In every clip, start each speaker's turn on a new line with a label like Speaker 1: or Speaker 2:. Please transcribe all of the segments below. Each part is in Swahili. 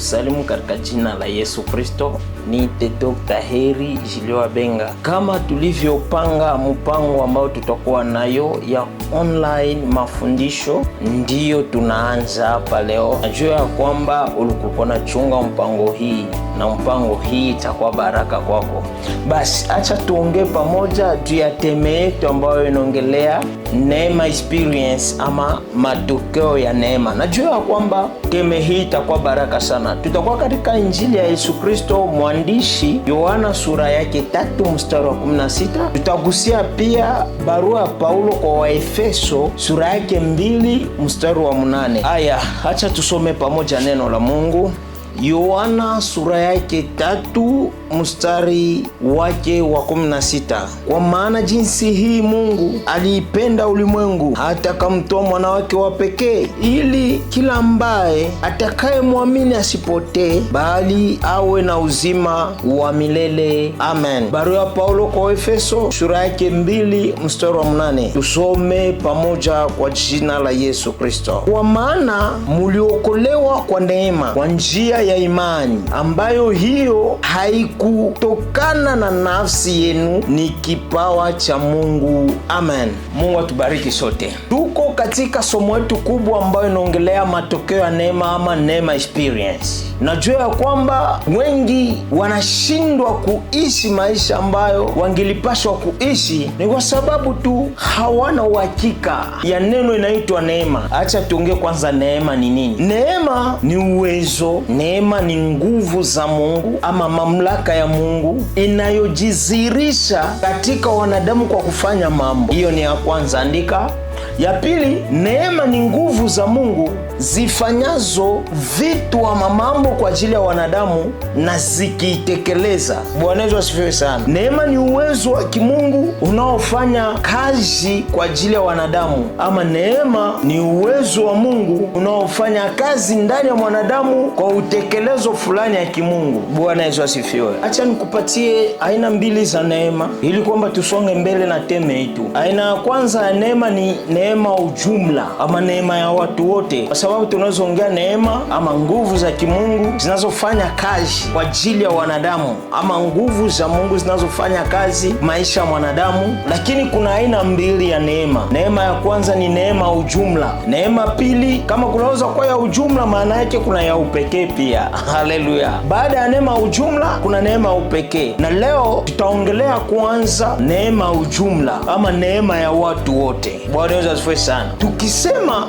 Speaker 1: kusalimu katika jina la Yesu Kristo. Ni Dr. Heri Jiliwa Benga. Kama tulivyopanga mpango ambao tutakuwa nayo ya online mafundisho, ndiyo tunaanza hapa leo. Najua ya kwamba ulikuwa na chunga mpango hii na mpango hii itakuwa baraka kwako. Basi acha tuongee pamoja juu ya teme yetu ambayo inaongelea neema experience ama matokeo ya neema. Najua ya kwamba teme hii itakuwa baraka sana. Tutakuwa katika injili ya Yesu Kristo mwandishi Yohana sura yake tatu mstari wa 16. Tutagusia pia barua ya Paulo kwa Waefeso sura yake mbili mstari wa 8. Aya, acha tusome pamoja neno la Mungu. Yohana sura yake tatu mstari wake wa sita kwa maana jinsi hii Mungu aliipenda ulimwengu hata akamtoa mwana wake wa pekee, ili kila ambaye atakayemwamini asipotee, bali awe na uzima wa milele. Amen. Barua ya Paulo kwa Efeso sura yake 2 mstari wa mnane Tusome pamoja kwa jina la Yesu Kristo. Kwa maana muliokolewa kwa neema, kwa njia ya imani ambayo hiyo haikutokana na nafsi yenu, ni kipawa cha Mungu. Amen. Mungu atubariki sote. Tuko katika somo letu kubwa ambayo inaongelea matokeo ya neema ama neema experience. Najua ya kwamba wengi wanashindwa kuishi maisha ambayo wangelipaswa kuishi, ni kwa sababu tu hawana uhakika ya neno inaitwa neema. Acha tuongee kwanza, neema ni nini? Neema ni uwezo, neema Neema ni nguvu za Mungu ama mamlaka ya Mungu inayojizirisha katika wanadamu kwa kufanya mambo. Hiyo ni ya kwanza, andika. Ya pili, neema ni nguvu za Mungu zifanyazo vitu ama mambo kwa ajili ya wanadamu na zikiitekeleza. Bwana Yesu asifiwe sana. Neema ni uwezo wa kimungu unaofanya kazi kwa ajili ya wanadamu, ama neema ni uwezo wa Mungu unaofanya kazi ndani ya mwanadamu kwa utekelezo fulani ya kimungu. Bwana Yesu asifiwe. Acha nikupatie aina mbili za neema ili kwamba tusonge mbele na teme itu. Aina ya kwanza ya neema ni neema ujumla ama neema ya watu wote, kwa sababu tunazoongea neema ama nguvu za kimungu zinazofanya kazi kwa ajili ya wanadamu ama nguvu za Mungu zinazofanya kazi maisha ya mwanadamu, lakini kuna aina mbili ya neema. Neema ya kwanza ni neema ya ujumla, neema pili, kama kunaweza kuwa ya ujumla, maana yake kuna ya upekee pia. Haleluya! Baada ya neema ya ujumla, kuna neema upekee, na leo tutaongelea kwanza neema ya ujumla ama neema ya watu wote. Bwana sana. Tukisema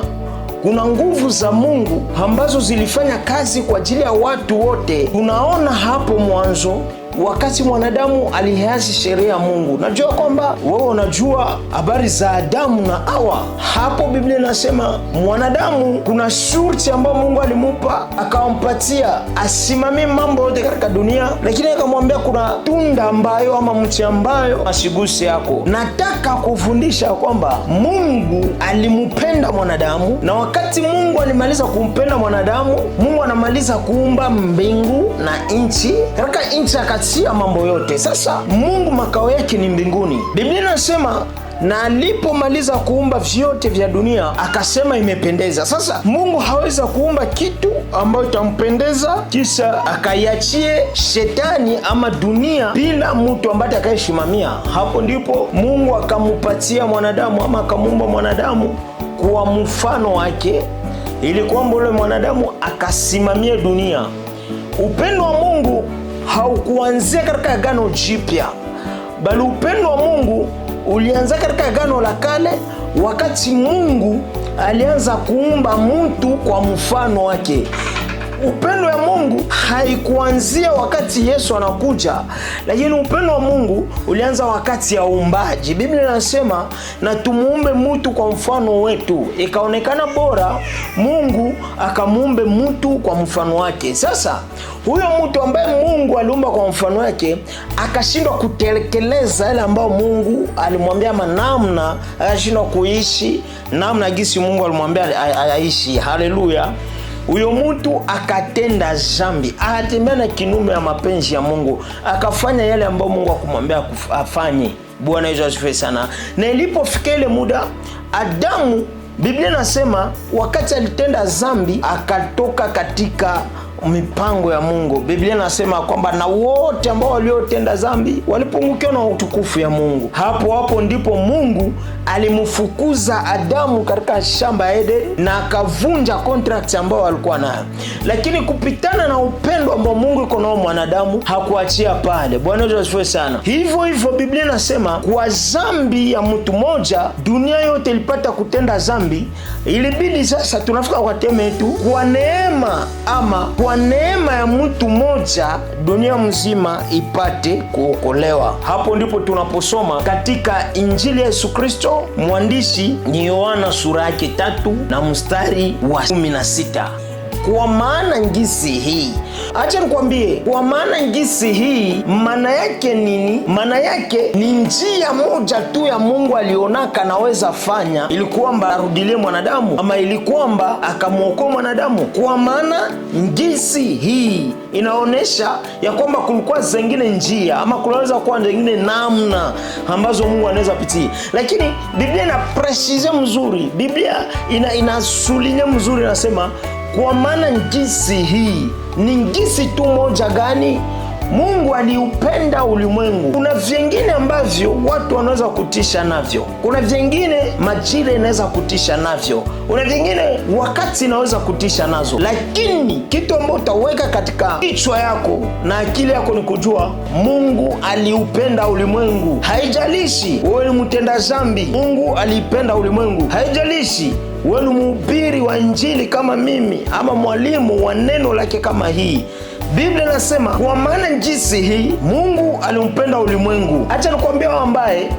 Speaker 1: kuna nguvu za Mungu ambazo zilifanya kazi kwa ajili ya watu wote. Tunaona hapo mwanzo wakati mwanadamu aliasi sheria ya Mungu. Najua kwamba wewe unajua habari za Adamu na Hawa. Hapo Biblia inasema mwanadamu kuna shurti ambayo Mungu alimupa akampatia asimamie mambo yote katika dunia, lakini akamwambia kuna tunda ambayo ama mti ambayo asiguse yako. Nataka kufundisha kwamba Mungu alimupenda mwanadamu, na wakati Mungu alimaliza kumpenda mwanadamu, Mungu anamaliza kuumba mbingu na nchi. Katika nchi anazingatia mambo yote. Sasa Mungu makao yake ni mbinguni. Biblia inasema na alipomaliza kuumba vyote vya dunia akasema imependeza. Sasa Mungu haweza kuumba kitu ambayo itampendeza kisha akaiachie shetani ama dunia bila mtu ambaye atakayesimamia. Hapo ndipo Mungu akamupatia mwanadamu ama akamuumba mwanadamu kuwa mfano wake, ili kwamba ule mwanadamu akasimamie dunia. Upendo wa Mungu haukuanzia katika Agano Jipya, bali upendo wa Mungu ulianza katika Agano la Kale, wakati Mungu alianza kuumba mtu kwa mfano wake upendo ya Mungu haikuanzia wakati Yesu anakuja, lakini upendo wa Mungu ulianza wakati ya uumbaji. Biblia inasema na tumuumbe mtu kwa mfano wetu, ikaonekana bora Mungu akamuumbe mtu kwa mfano wake. Sasa huyo mtu ambaye Mungu aliumba kwa mfano wake akashindwa kutekeleza yale ambayo Mungu alimwambia, manamna akashindwa kuishi namna gisi Mungu alimwambia aishi. Haleluya! Uyo mutu akatenda zambi, akatembea na kinume ya mapenzi ya Mungu, akafanya yale ambayo Mungu akumwambia afanye. Bwana Yesu asifiwe sana. Na ilipofika ile muda Adamu, Biblia nasema wakati alitenda zambi akatoka katika mipango ya Mungu. Biblia inasema kwamba na wote ambao waliotenda dhambi walipungukiwa na utukufu ya Mungu. Hapo hapo ndipo Mungu alimfukuza Adamu katika shamba ya Eden na akavunja contract ambayo alikuwa nayo, lakini kupitana na upendo ambao Mungu iko nao mwanadamu hakuachia pale. Bwana Yesu asifiwe sana. Hivyo hivyo Biblia inasema kwa dhambi ya mtu mmoja dunia yote ilipata kutenda dhambi ilibidi sasa tunafika kwa teme yetu, kwa neema ama kwa neema ya mtu mmoja dunia mzima ipate kuokolewa. Hapo ndipo tunaposoma katika Injili ya Yesu Kristo, mwandishi ni Yohana sura yake tatu na mstari wa 16. Kwa maana ngisi hii, acha nikwambie, kwa maana ngisi hii maana yake nini? Maana yake ni njia moja tu ya Mungu alionaka anaweza fanya ili kwamba arudilie mwanadamu ama ili kwamba akamwokoa mwanadamu. Kwa maana ngisi hii inaonyesha ya kwamba kulikuwa zengine njia ama kunaweza kuwa zengine namna ambazo Mungu anaweza pitia, lakini Biblia ina presize mzuri, Biblia ina inasulinya mzuri, inasema kwa maana njisi hii ni njisi tu moja gani? Mungu aliupenda ulimwengu. Kuna vyengine ambavyo watu wanaweza kutisha navyo, kuna vyengine majira inaweza kutisha navyo, kuna vyengine wakati inaweza kutisha nazo, lakini kitu ambao utaweka katika kichwa yako na akili yako ni kujua Mungu aliupenda ulimwengu. Haijalishi wewe ni mtenda zambi Mungu aliipenda ulimwengu. Haijalishi wewe ni mhubiri wa Injili kama mimi ama mwalimu wa neno lake kama hii Biblia inasema kwa maana jinsi hii Mungu alimpenda ulimwengu. Acha nikuambia wewe ambaye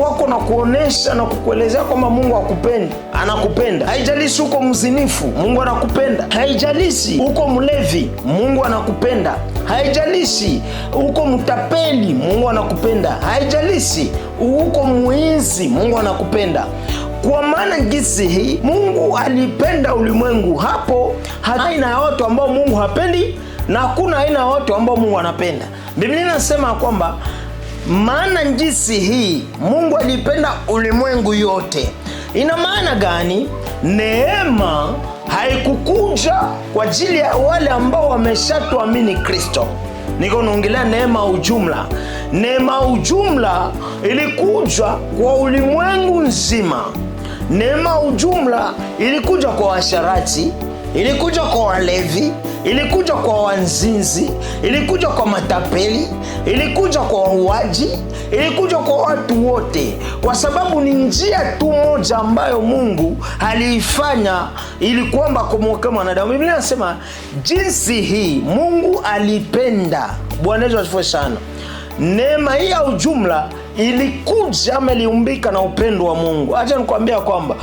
Speaker 1: wako na kuonesha na kukuelezea kwamba Mungu akupendi, anakupenda. Haijalishi uko mzinifu, Mungu anakupenda. Haijalishi uko mlevi, Mungu anakupenda. Haijalishi uko mtapeli, Mungu anakupenda. Haijalishi uko mwizi, Mungu anakupenda. Kwa maana jinsi hii Mungu alipenda ulimwengu. Hapo haina ya watu ambao Mungu hapendi na hakuna aina ya watu ambao Mungu anapenda. Biblia inasema kwamba maana njisi hii Mungu alipenda ulimwengu yote. Ina maana gani? Neema haikukuja kwa ajili ya wale ambao wameshatuamini Kristo. Niko naongelea neema ujumla. Neema ujumla ilikuja kwa ulimwengu nzima. Neema ujumla ilikuja kwa washarati ilikuja kwa walevi, ilikuja kwa wanzinzi, ilikuja kwa matapeli, ilikuja kwa wauaji, ilikuja kwa watu wote, kwa sababu ni njia tu moja ambayo Mungu aliifanya ili kwamba kumwokea mwanadamu. Biblia anasema jinsi hii Mungu alipenda. Bwana Yesu asifiwe sana. Neema hii ya ujumla ilikuja ama iliumbika na upendo wa Mungu. hacha nikuambia kwamba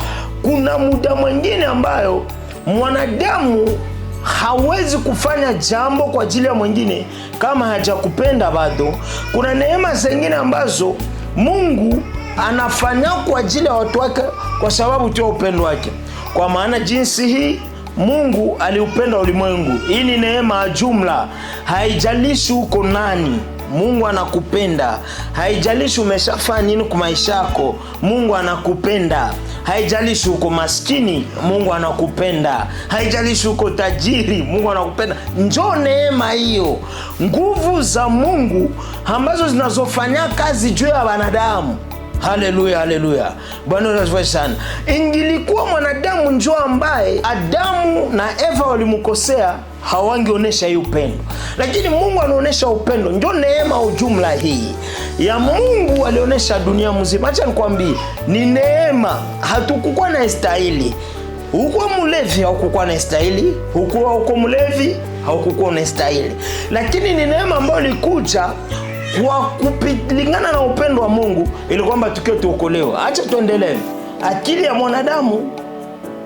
Speaker 1: kuna muda mwingine ambayo mwanadamu hawezi kufanya jambo kwa ajili ya mwingine kama hajakupenda bado. Kuna neema zengine ambazo Mungu anafanya kwa ajili ya watu wake kwa sababu tu ya upendo wake. Kwa maana jinsi hii Mungu aliupenda ulimwengu. Hii ni neema ya jumla, haijalishi uko nani. Mungu anakupenda. Haijalishi umeshafanya nini kwa maisha yako, Mungu anakupenda. Haijalishi uko maskini, Mungu anakupenda. Haijalishi uko tajiri, Mungu anakupenda. Njoo neema hiyo, nguvu za Mungu ambazo zinazofanya kazi juu ya wanadamu. Haleluya, haleluya, Bwana asifiwe sana. Ingilikuwa mwanadamu njoo ambaye Adamu na Eva walimkosea, hawangeonyesha hii upendo, lakini Mungu anaonyesha upendo. Ndio neema ujumla hii ya Mungu alionyesha dunia mzima. Acha nikwambie, ni neema. Hatukukuwa na istahili. Hukuwa mlevi, haukukuwa na istahili. Hukuwa uko mlevi, haukukuwa na istahili, lakini ni neema ambayo ilikuja kwa kupilingana na upendo wa Mungu ili kwamba tukiwe tuokolewa. Acha tuendelee. Akili ya mwanadamu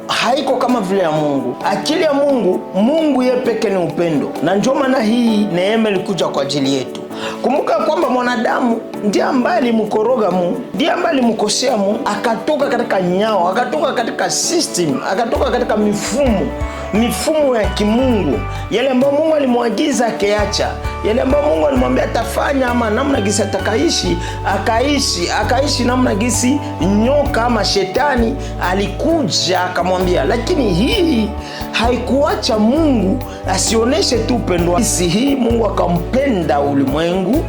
Speaker 1: haiko kama vile ya Mungu. Akili ya Mungu, Mungu yeye peke ni upendo, na ndio maana hii neema ilikuja kwa ajili yetu. Kumbuka kwamba mwanadamu ndiye ambaye alimkoroga Mungu, ndiye ambaye alimkosea Mungu, akatoka katika nyao, akatoka katika system, akatoka katika mifumo mifumo ya kimungu, yale ambayo Mungu alimwagiza akeacha yale ambayo Mungu alimwambia atafanya, ama namna gisi atakaishi, akaishi akaishi namna gisi nyoka ama shetani alikuja akamwambia. Lakini hii haikuacha Mungu asionyeshe tu upendo gisi hii Mungu akampenda ulimwengu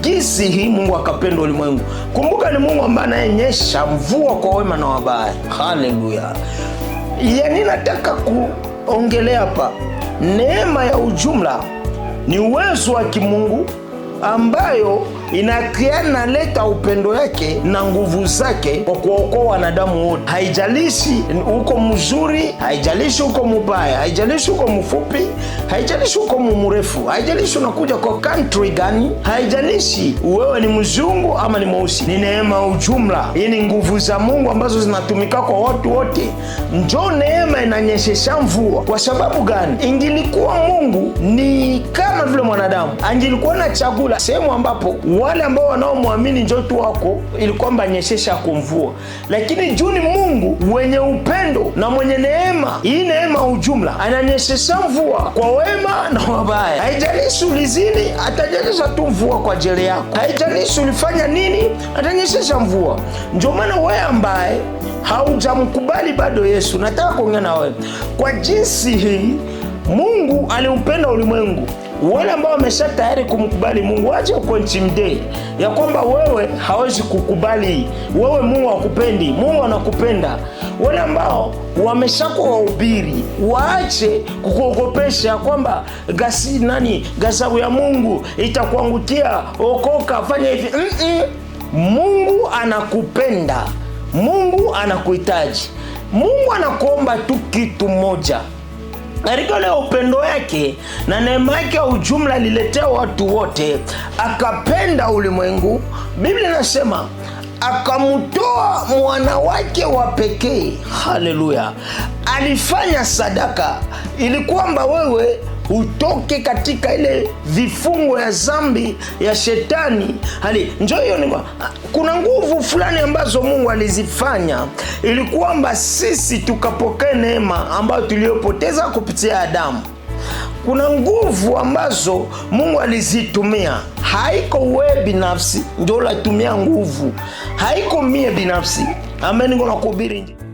Speaker 1: gisi hii Mungu akapenda ulimwengu. Kumbuka, ni Mungu ambaye anayenyesha mvua kwa wema na wabaya. Haleluya! yani nataka kuongelea hapa, neema ya ujumla ni uwezo wa kimungu ambayo inakria naleta upendo yake na nguvu zake kwa kuokoa wanadamu wote. Haijalishi uko mzuri, haijalishi uko mubaya, haijalishi uko mfupi, haijalishi uko mrefu, haijalishi unakuja kwa country gani, haijalishi wewe ni mzungu ama ni mweusi. Ni neema ujumla. Hii ni nguvu za Mungu ambazo zinatumika kwa watu wote. Njo neema inanyeshesha mvua. Kwa sababu gani? Ingilikuwa Mungu ni kama vile mwanadamu, angilikuwa na chakula sehemu ambapo wale ambao wanaomwamini njotu wako kwamba nyeshesha kumvua, lakini juni Mungu wenye upendo na mwenye neema, hii neema ujumla ananyeshesha mvua kwa wema na wabaya. Haijalishi ulizini, atanyeshesha tu mvua kwa ajili yako. Haijalishi ulifanya nini, atanyeshesha mvua. Ndio maana wewe ambaye haujamkubali bado Yesu, nataka kuongea na wewe kwa jinsi hii. Mungu aliupenda ulimwengu wale ambao wamesha tayari kumkubali Mungu waje uko ya kwamba wewe hawezi kukubali, wewe Mungu hakupendi. Mungu anakupenda. Wale ambao wameshakuwa wahubiri waache kukuogopesha kwamba gasi nani gazabu ya Mungu itakuangukia, okoka, fanya hivi mm -mm. Mungu anakupenda, Mungu anakuhitaji, Mungu anakuomba tu kitu moja katika ule upendo yake na neema yake ya ujumla liletea watu wote, akapenda ulimwengu. Biblia inasema akamtoa mwana wake wa pekee. Haleluya! Alifanya sadaka ili kwamba wewe utoke katika ile vifungo ya zambi ya shetani hali njo hiyo. Ni kuna nguvu fulani ambazo Mungu alizifanya ili kwamba sisi tukapokee neema ambayo tuliyopoteza kupitia Adamu. Kuna nguvu ambazo Mungu alizitumia, haiko wewe binafsi ndio unatumia nguvu, haiko mie binafsi. Amen, niko nakuhubiri